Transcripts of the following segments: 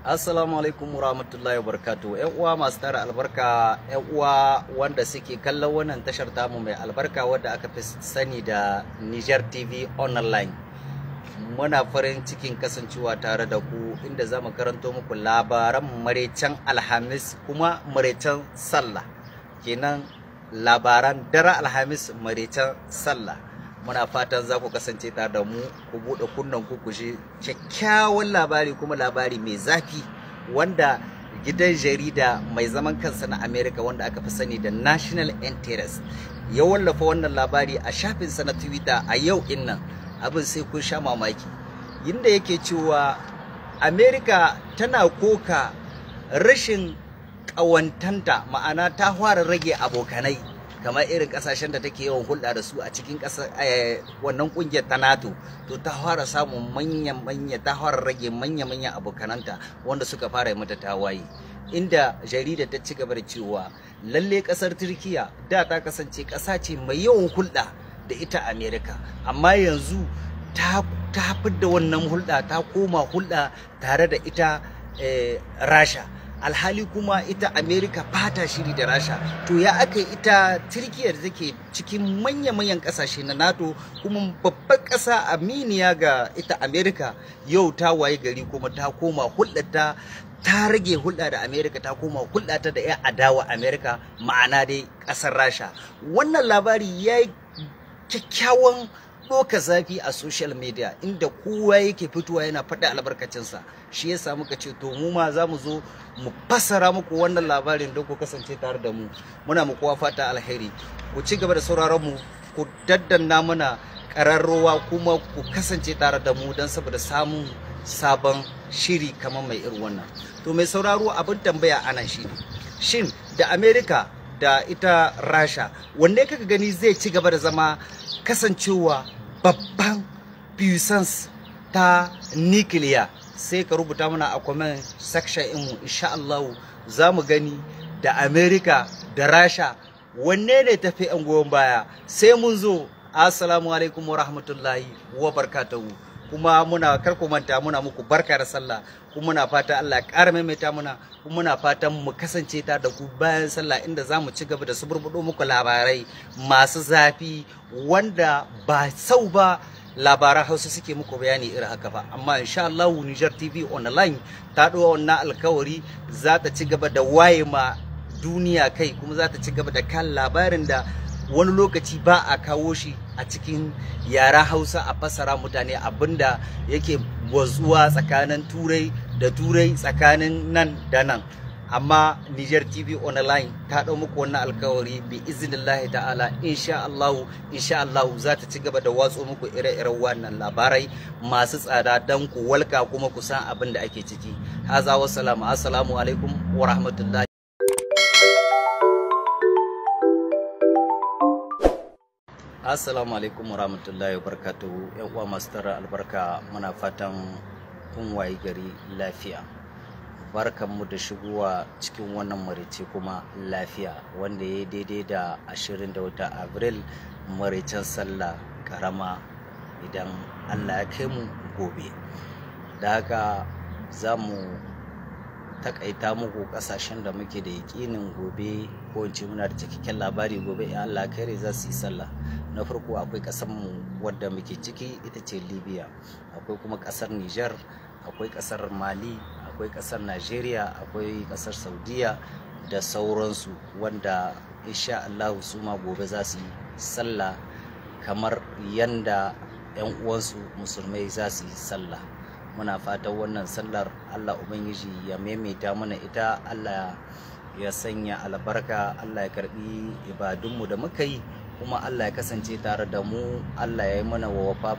Assalamu alaikum warahmatullahi wabarakatuh. Ƴan uwa masu tara albarka, ƴan uwa wanda suke kallon wannan tashar tamu mai albarka wadda aka fi sani da Niger TV online. Muna farin cikin kasancewa tare da ku inda za mu karanto muku labaran maraicen Alhamis kuma maraicen Sallah. Kenan labaran dara Alhamis maraicen Sallah. muna fatan za ku kasance tare da mu ku buɗe kunnen ku kuje kyakkyawan labari kuma labari mai zafi wanda gidan jarida mai zaman kansa na America wanda aka fi sani da National Interest ya wallafa wannan labari a shafinsa na Twitter a yau nan, abin sai kun sha mamaki inda yake cewa America tana koka rashin ƙawantanta ma'ana ta fara rage abokanai kamar irin kasashen da take yawan hulɗa da su a cikin eh, wannan ƙungiyar ta nato to ta fara samun manya-manya ta fara rage manya-manya abokananta wanda suka fara mata tawaye inda jarida ta ci gaba da cewa lalle kasar turkiya da ta kasance ƙasa ce mai yawan hulɗa da ita amerika amma yanzu ta ta da wannan hulɗa ta koma hulɗa tare da ita eh, rasha alhali kuma ita Amerika fata shiri da rasha to ya aka ita turkiyar take cikin manya-manyan kasashe na nato kuma babbar ƙasa aminiya ga ita Amerika yau ta waye gari kuma ta koma hulɗata ta rage hulɗa da amerika ta koma hulɗata da 'yan adawa amerika ma'ana dai ƙasar rasha wannan labari ya yi kyakkyawan tsoka zafi a social media inda kowa yake fitowa yana faɗi albarkacinsa shi ya samu ka ce to mu ma za mu zo mu fassara muku wannan labarin don ku kasance tare da mu muna mu kowa fata alheri ku ci gaba da sauraron mu ku daddanna mana ƙararrowa kuma ku kasance tare da mu don saboda samun sabon shiri kamar mai irin wannan to mai sauraro abin tambaya ana shi ne shin da america da ita rasha wanne kaka gani zai ci gaba da zama kasancewa babban puissance ta nikiliya sai ka rubuta mana a comment section mu insha Allah za mu gani da America da Rasha wanne ne tafi 'yan goyon baya sai mun zo assalamu alaikum wa rahmatullahi wa barkatahu kuma muna kar manta muna muku barka da sallah kuma muna fata Allah ya ƙara maimaita muna kuma muna fatan mu kasance ta da ku bayan sallah inda za mu ci gaba da suburbudo muku labarai masu zafi wanda ba sau ba labaran hausa suke muku bayani irin haka ba amma insha Allah Niger TV online ta ɗora wannan alkawari za ta ci gaba da waye ma duniya kai kuma za ta ci gaba da kan labarin da wani lokaci ba a kawo shi a cikin yara hausa a fasara mutane abinda yake watsuwa tsakanin turai da turai tsakanin nan da nan amma Niger TV online ta ɗau muku wannan alkawari bi iznillahi ta'ala insha allahu insha allahu za ta ci gaba da watso muku ire-iren wannan labarai masu tsada don ku walka kuma ku san abin da ake ciki haza wasu assalamu alaikum wa rahmatullahi assalamu alaikum warahmatullahi wabarakatuhu yan uwa masu tara albarka muna fatan kun waye gari lafiya barkanmu da shigowa cikin wannan marice kuma lafiya wanda ya daidai da ashirin da wata abril maricen sallah karama idan allah ya kai mu gobe da haka za mu takaita muku kasashen da muke da yakinin gobe ko in ce muna da cikakken labari gobe in allah kare za su yi sallah na farko akwai mu wadda muke ciki ita ce libya akwai kuma ƙasar niger akwai ƙasar mali akwai ƙasar nigeria akwai ƙasar saudiya da sauransu wanda insha allahu su ma gobe za su yi sallah kamar yanda 'yan uwansu musulmai za su yi sallah muna fatan wannan sallar allah ubangiji ya maimaita mana ita allah ya sanya albarka allah ya karbi ibadunmu da muka yi kuma Allah ya kasance tare da mu Allah ya yi mana wafa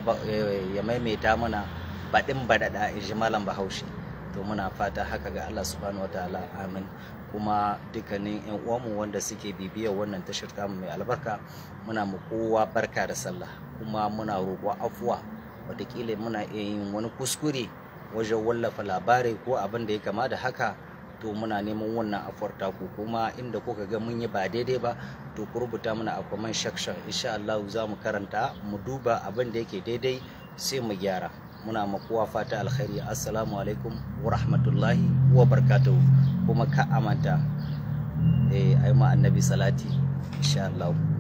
ya maimaita mana baɗin baɗaɗa in malam bahaushe to muna fata haka ga Allah subhanahu wataala amin kuma dukkanin yan mu wanda suke bibiya wannan tashar tamu mai albarka muna mu kowa barka da sallah kuma muna roƙo afuwa wataƙila muna iya yin wani kuskure wajen wallafa labarai ko abin da ya kama da haka to muna neman wannan afuwar taku kuma inda kuka ga mun yi ba daidai ba to ku rubuta mana a comment section insha Allah za mu karanta mu duba abin da yake daidai sai mu gyara muna makuwa fata alkhairi assalamu alaikum wa rahmatullahi wa barakatuh kuma ka amanta eh ai ma annabi salati insha Allah